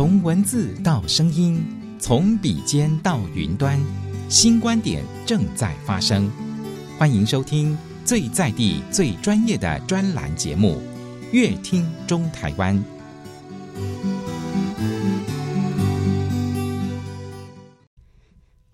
從文字到聲音，從筆尖到雲端，新觀點正在發生。歡迎收聽最在地、最專業的專欄節目《月聽中臺灣》。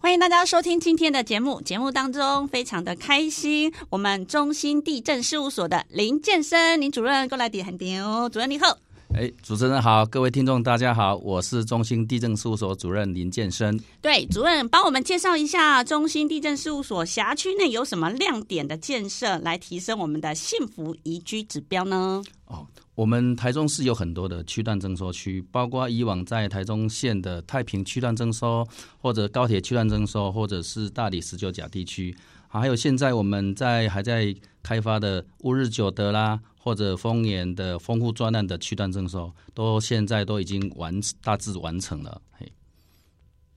歡迎大家收聽今天的節目，節目當中非常的開心。我們中興地政事務所的林建伸林主任過來點點哦。主任你好。哎，主持人好，各位聽眾大家好，我是中興地政事務所主任林建伸。對，主任幫我們介紹一下中興地政事務所轄區內有什麼亮點的建設，來提升我們的幸福宜居指標呢？哦，我們台中市有很多的區段徵收區，包括以往在台中縣的太平區段徵收，或者高鐵區段徵收，或者是大里十九甲地區，還有現在我們在還在開發的烏日九德啦。或者豐原的豐富專案的區段徵收，都現在都已經完大致完成了。嘿，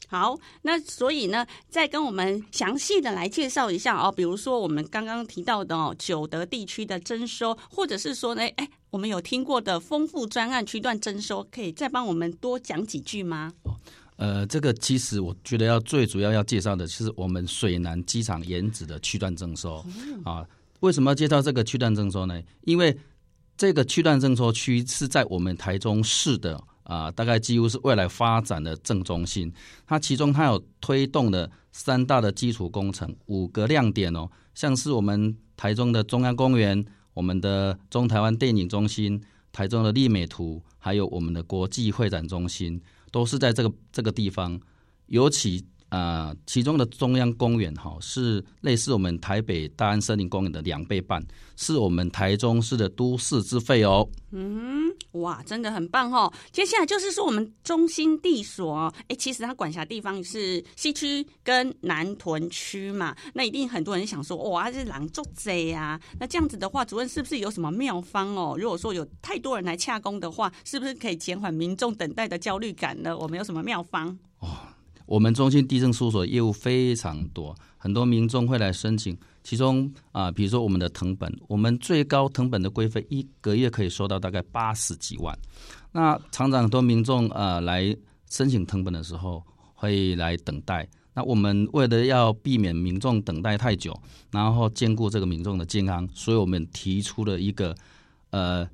好，那所以呢，再跟我們詳細的來介紹一下哦，比如說我們剛剛提到的哦、九德地區的徵收，或者是說呢，哎，我們有聽過的豐富專案區段徵收，可以再幫我們多講幾句嗎？呃，這個其實我覺得要最主要要介紹的，是我們水湳機場原址的區段徵收、嗯、啊。為什麼要介紹這個區段徵收呢？因為這個區段徵收區是在我們台中市的啊，大概幾乎是未來發展的正中心。它其中它有推動的三大的基礎工程，五個亮點哦，像是我們台中的中央公園、我們的中台灣電影中心、台中的綠美圖，還有我們的國際會展中心，都是在這個這個地方，尤其。啊、呃，其中的中央公園哈，是類似我們台北大安森林公園的兩倍半，是我們台中市的都市之肺哦。嗯，哇，真的很棒哦，接下來就是說我們中興地所、哦，哎，其實它管轄地方是西區跟南屯區嘛。那一定很多人想說，哇、哦啊，這是狼捉賊啊。那這樣子的話，主任是不是有什麼妙方哦？如果說有太多人來洽公的話，是不是可以減緩民眾等待的焦慮感呢？我們有什麼妙方？哦。我們中興地政事務所業務非常多，很多民眾會來申請。其中啊、呃，比如說我們的謄本，我們最高謄本的規費一個月可以收到大概八十幾萬。那常常很多民眾呃來申請謄本的時候會來等待。那我們為了要避免民眾等待太久，然後兼顧這個民眾的健康，所以我們提出了一個呃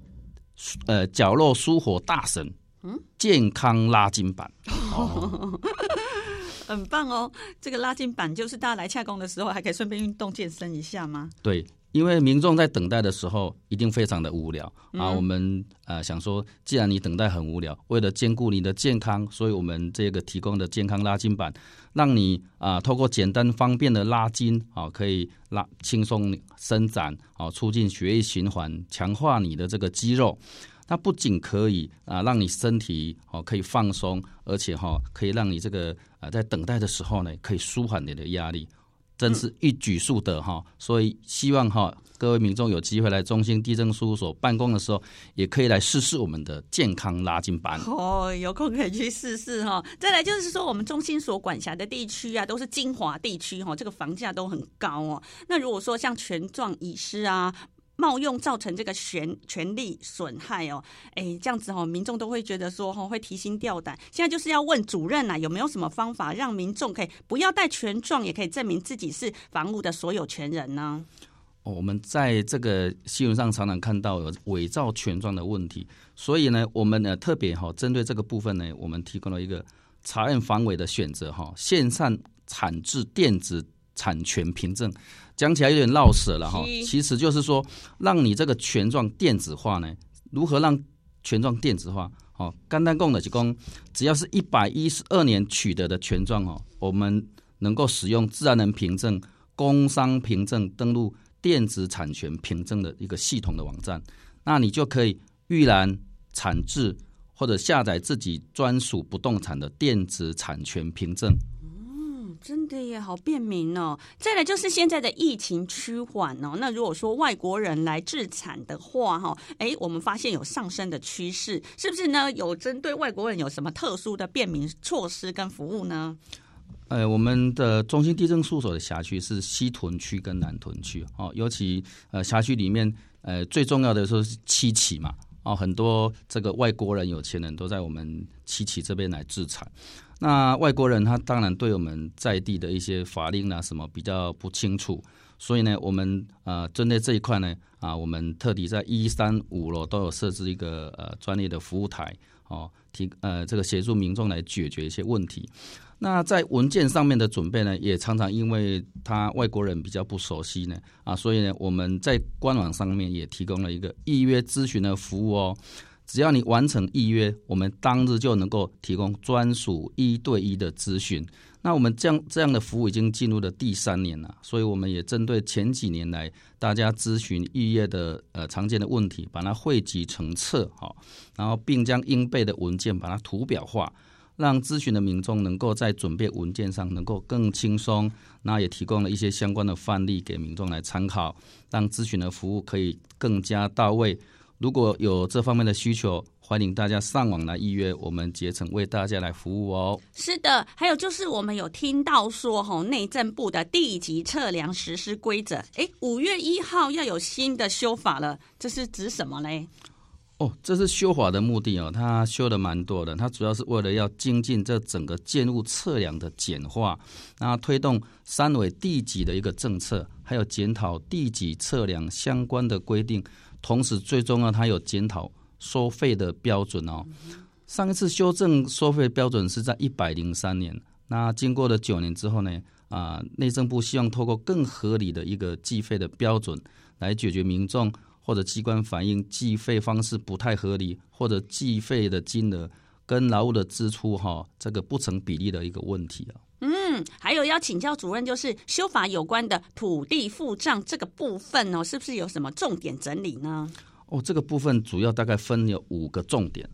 呃角落疏火大神健康拉筋板。嗯 oh. 很棒哦，這個拉筋板就是大家來洽公的時候，還可以順便運動健身一下嗎？對，因為民眾在等待的時候一定非常的無聊、嗯、啊，我們啊、呃、想說，既然你等待很無聊，為了兼顧你的健康，所以我們這個提供的健康拉筋板，讓你啊透過簡單方便的拉筋啊，可以拉輕鬆伸展啊，促進血液循環，強化你的這個肌肉。它不僅可以啊讓你身體哦可以放鬆，而且哈可以讓你這個啊在等待的時候呢，可以舒緩你的壓力，真是一舉數得哈、嗯。所以希望哈各位民眾有機會來中興地政事務所辦公的時候，也可以來試試我們的健康拉筋班。哦，有空可以去試試哈。再來就是說，我們中興所管轄的地區啊，都是精華地區哈，這個房價都很高哦。那如果說像全壯、乙師啊。冒用造成這個權權利損害哦，哎，這樣子哦，民眾都會覺得說哦，會提心吊膽。現在就是要問主任啊，有沒有什麼方法讓民眾可以不要帶權狀，也可以證明自己是房屋的所有權人呢？哦，我們在這個新聞上常常，常看到有偽造權狀的問題，所以呢，我們呢特別哈、哦、針對這個部分呢，我們提供了一個查驗防偽的選擇哈、哦，線上產制電子產權憑證。講起來有點繞舌了哈，其實就是說，讓你這個權狀電子化呢，如何讓權狀電子化？哦，簡單講的就講，只要是一百一十二年取得的權狀哦，我們能夠使用自然人憑證、工商憑證登錄電子產權憑證的一個系統的網站，那你就可以預覽、產制或者下載自己專屬不動產的電子產權憑證。真的也好便民哦。再來就是現在的疫情趨緩哦，那如果說外國人來置產的話，哈，哎，我們發現有上升的趨勢，是不是呢？有針對外國人有什麼特殊的便民措施跟服務呢？呃，我們的中興地政事務所的轄區是西屯區跟南屯區哦，尤其呃轄區裡面呃最重要的就是七期嘛哦，很多這個外國人有錢人都在我們七期這邊來置產。那外國人他當然對我們在地的一些法令啊什麼比較不清楚，所以呢，我們呃針對這一塊呢啊，我們特地在一三五樓都有設置一個呃專業的服務台哦，提呃這個協助民眾來解決一些問題。那在文件上面的準備呢，也常常因為他外國人比較不熟悉呢啊，所以呢我們在官網上面也提供了一個預約諮詢的服務哦。只要你完成預約，我們當日就能夠提供專屬一對一的諮詢。那我們這樣這樣的服務已經進入了第三年了，所以我們也針對前幾年來大家諮詢預約的呃常見的問題，把它彙集成冊，好，然後並將應備的文件把它圖表化，讓諮詢的民眾能夠在準備文件上能夠更輕鬆。那也提供了一些相關的範例給民眾來參考，讓諮詢的服務可以更加到位。如果有這方面的需求，歡迎大家上網來預約，我們竭誠為大家來服務哦。是的，還有就是我們有聽到說，吼、哦、內政部的地籍測量實施規則，哎，五月一號要有新的修法了，這是指什麼嘞？哦，這是修法的目的哦，它修得蠻多的，它主要是為了要精進這整個建物測量的簡化，然後推動三維地籍的一個政策，還有檢討地籍測量相關的規定。同時，最終呢，它有檢討收費的標準哦。上一次修正收費標準是在一百零三年，那經過了九年之後呢，啊、呃，內政部希望透過更合理的一個計費的標準，來解決民眾或者機關反映計費方式不太合理，或者計費的金額跟勞務的支出哈、哦，這個不成比例的一個問題。嗯，還有要請教主任，就是修法有關的土地複丈這個部分哦，是不是有什麼重點整理呢？哦，這個部分主要大概分有五個重點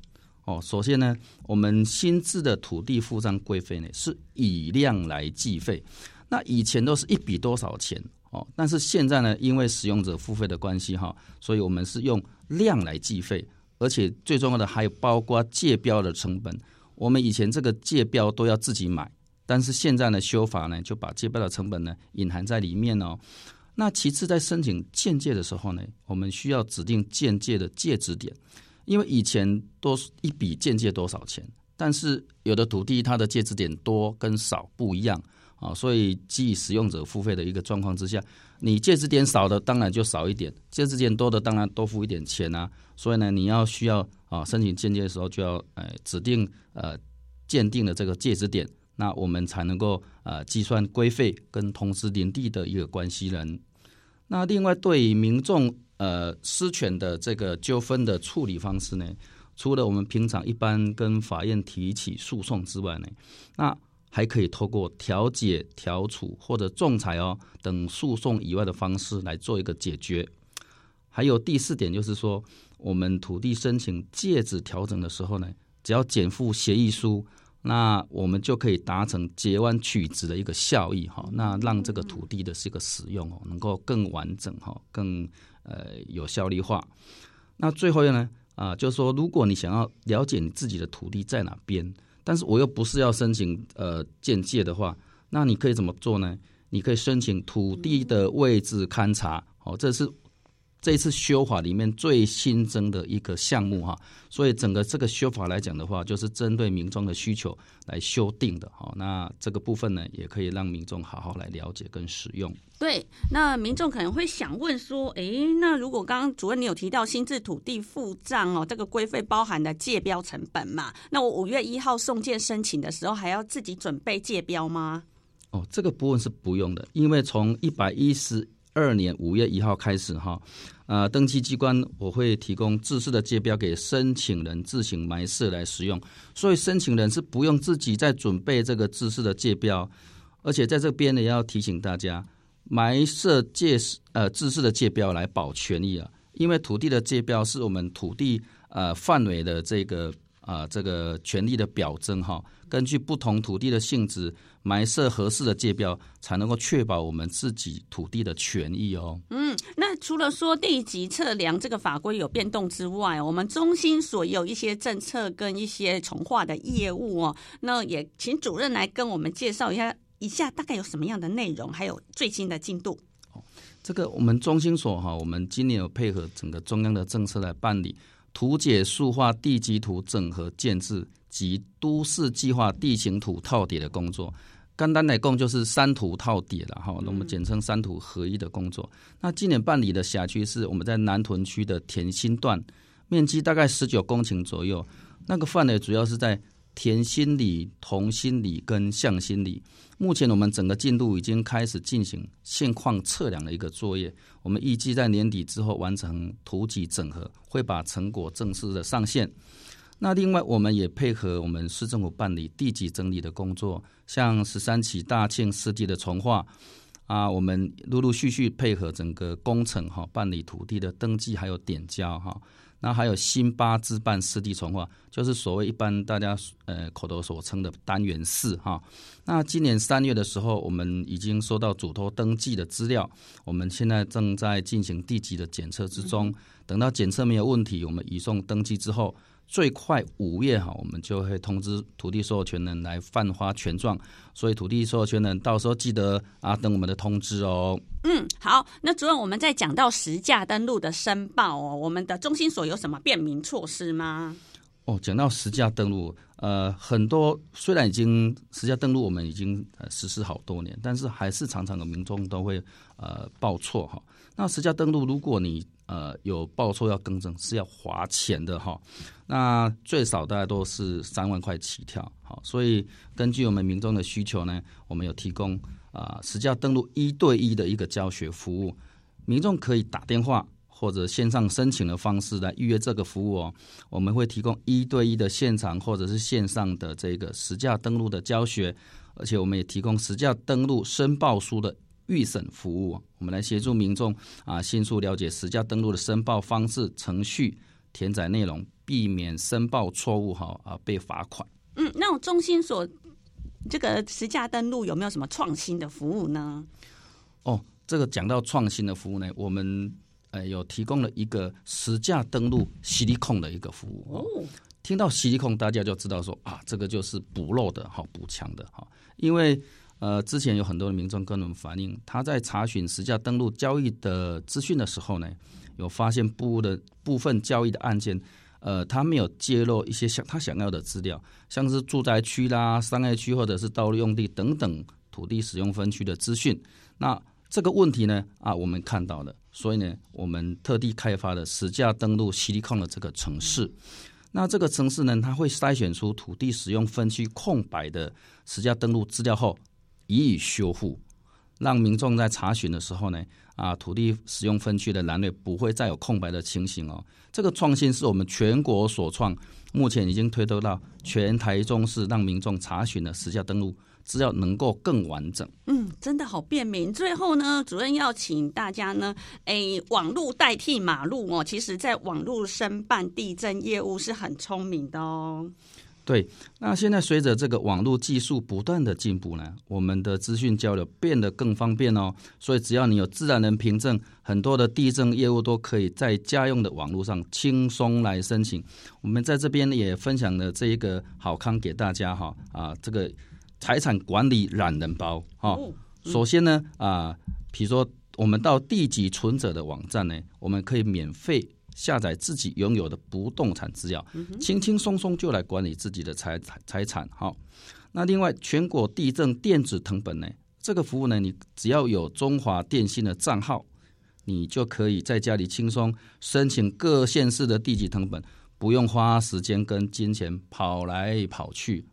哦。首先呢，我們新制的土地複丈規費呢是以量來計費，那以前都是一筆多少錢哦，但是現在呢，因為使用者付費的關係哈、哦，所以我們是用量來計費，而且最重要的還有包括界標的成本，我們以前這個界標都要自己買。但是現在呢，修法呢就把界標的成本呢隱含在裡面哦。那其次，在申請鑑界的時候呢，我們需要指定鑑界的界址點，因為以前多，一筆鑑界多少錢，但是有的土地它的界址點多跟少不一樣啊，所以基於使用者付費的一個狀況之下，你界址點少的當然就少一點，界址點多的當然多付一點錢啊。所以呢，你要需要啊申請鑑界的時候就要哎指定呃鑑定的這個界址點。那我們才能夠呃計算規費跟通知鄰地的一個關係人。那另外對於民眾呃私權的這個糾紛的處理方式呢，除了我們平常一般跟法院提起訴訟之外呢，那還可以透過調解、調處或者仲裁哦等訴訟以外的方式來做一個解決。還有第四點就是說，我們土地申請界址調整的時候呢，只要檢附協議書。那我們就可以達成截彎取直的一個效益哈，那讓這個土地的是一個使用哦，能夠更完整哈，更呃有效率化。那最後呢啊，就是說如果你想要了解你自己的土地在哪邊，但是我又不是要申請呃鑑界的話，那你可以怎麼做呢？你可以申請土地的位置勘察哦，這是，這一次修法裡面最新增的一個項目哈，所以整個這個修法來講的話，就是針對民眾的需求來修訂的哈。那這個部分呢，也可以讓民眾好好來了解跟使用。對，那民眾可能會想問說，哎，那如果剛剛主任你有提到新制土地複丈哦，這個規費包含的界標成本嘛？那我五月一號送件申請的時候，還要自己準備界標嗎？哦，這個部分是不用的，因為從一百一十。二年五月一號開始哈，呃，登記機關我會提供制式的界標給申請人自行埋設來使用，所以申請人是不用自己再準備這個制式的界標，而且在這邊呢也要提醒大家埋設界呃制式的界標來保權益啊，因為土地的界標是我們土地呃範圍的這個啊、呃、這個權利的表徵哈、啊。根據不同土地的性質，埋設合適的界標，才能夠確保我們自己土地的權益哦。嗯，那除了說地籍測量這個法規有變動之外，我們中興所也有一些政策跟一些重劃的業務哦。那也請主任來跟我們介紹一下，一下大概有什麼樣的內容，還有最新的進度。哦，這個我們中興所哈，我們今年有配合整個中央的政策來辦理圖解數化地籍圖整合建置，及都市計劃地形圖套疊的工作，簡單來說就是三圖套疊了哈，那、嗯、麼簡稱三圖合一的工作。那今年辦理的轄區是我們在南屯區的田心段，面積大概十九公頃左右。那個範圍主要是在田心里、同心里跟向心里。目前我們整個進度已經開始進行現況測量的一個作業，我們預計在年底之後完成圖籍整合，會把成果正式的上線。那另外，我們也配合我們市政府辦理地籍整理的工作，像十三期大慶市地的重劃，啊，我們陸陸續續配合整個工程哈，辦理土地的登記還有點交哈。那還有新八支辦市地重劃，就是所謂一般大家呃口頭所稱的單元四哈。那今年三月的時候，我們已經收到囑託登記的資料，我們現在正在進行地籍的檢測之中。等到檢測沒有問題，我們移送登記之後，最快五月哈，我們就會通知土地所有權人來頒發權狀，所以土地所有權人到時候記得啊，等我們的通知哦。嗯，好，那主任，我們再講到實價登錄的申報哦，我們的中興所有什麼便民措施嗎？哦，講到實價登錄，呃，很多雖然已經實價登錄，我們已經實施好多年，但是還是常常有民眾都會呃報錯哈、哦。那實價登錄，如果你呃，有報酬要更正是要花錢的哈，那最少大概都是三萬塊起跳，好，所以根據我們民眾的需求呢，我們有提供啊、呃、實價登錄一對一的一個教學服務，民眾可以打電話或者線上申請的方式來預約這個服務哦，我們會提供一對一的現場或者是線上的這個實價登錄的教學，而且我們也提供實價登錄申報書的預審服務，我們來協助民眾啊，迅速了解實價登錄的申報方式、程序、填載內容，避免申報錯誤哈啊被罰款。嗯，那我中心所這個實價登錄有沒有什麼創新的服務呢？哦，這個講到創新的服務呢，我們、呃、有提供了一個實價登錄矽利康的一個服務。哦，聽到矽利康，大家就知道說啊，這個就是補漏的哈，補強的哈，因為。呃，之前有很多的民眾跟我們反映，他在查詢實價登錄交易的資訊的時候呢，有發現部的部分交易的案件，呃，他沒有揭露一些想他想要的資料，像是住宅區啦、商業區或者是道路用地等等土地使用分區的資訊。那這個問題呢，啊，我們看到了，所以呢，我們特地開發了實價登錄虛利控的這個程式。那這個程式呢，它會篩選出土地使用分區空白的實價登錄資料後，予以,以修復，讓民眾在查詢的時候呢，啊，土地使用分區的欄位不會再有空白的情形哦。這個創新是我們全國所創，目前已經推到全台中市，讓民眾查詢的實價登錄，資料能夠更完整。嗯，真的好便民。最後呢，主任要請大家呢，哎、欸，網絡代替馬路哦，其實在網絡申辦地政業務是很聰明的哦。對，那現在隨着這個網絡技術不斷的進步呢，我們的資訊交流變得更方便哦。所以只要你有自然人憑證，很多的地政業務都可以在家用的網絡上輕鬆來申請。我們在這邊也分享了這一個好康給大家哈啊，這個財產管理懶人包哈。首先呢啊，比如說我們到地籍存摺的網站呢，我們可以免費。下載自己擁有的不動產資料，輕輕松鬆就來管理自己的財財產。好，那另外全國地政電子謄本呢？這個服務呢，你只要有中華電信的賬號，你就可以在家裡輕鬆申請各縣市的地籍謄本，不用花時間跟金錢跑來跑去。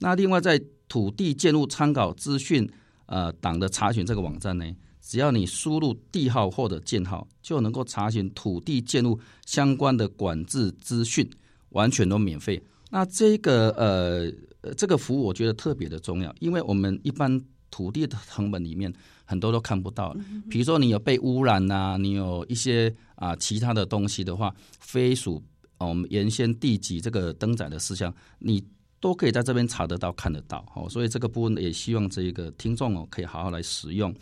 那另外在土地建物參考資訊呃黨的查詢這個網站呢？只要你輸入地號或者建號，就能夠查詢土地、建築相關的管制資訊，完全都免費。那這個呃，這個服務我覺得特別的重要，因為我們一般土地的謄本裡面很多都看不到了，比如說你有被污染啊，你有一些啊其他的東西的話，非屬我們原先地籍這個登載的事項，你都可以在這邊查得到、看得到、哦。所以這個部分也希望這個聽眾哦可以好好來使用。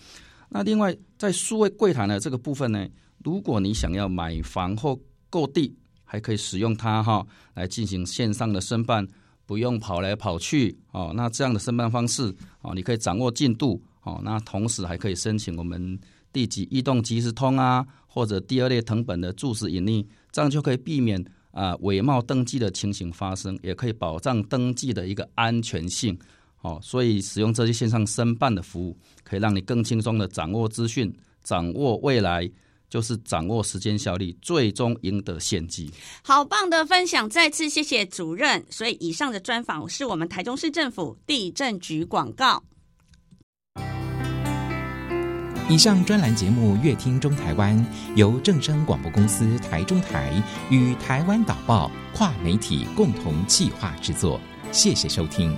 那另外，在數位櫃檯呢，這個部分呢，如果你想要買房或購地，還可以使用它哈來進行線上的申辦，不用跑來跑去哦。那這樣的申辦方式啊，你可以掌握進度哦。那同時還可以申請我們地籍異動即時通啊，或者第二類謄本的住址隱匿，這樣就可以避免啊偽冒登記的情形發生，也可以保障登記的一個安全性。哦，所以使用這些線上申辦的服務，可以讓你更輕鬆的掌握資訊，掌握未來，就是掌握時間效率，最終贏得先機。好棒的分享，再次謝謝主任。所以以上的專訪是我們台中市政府地政局廣告。以上專欄節目《樂聽中台灣》，由正聲廣播公司台中台與台灣導報跨媒體共同計劃製作。謝謝收聽。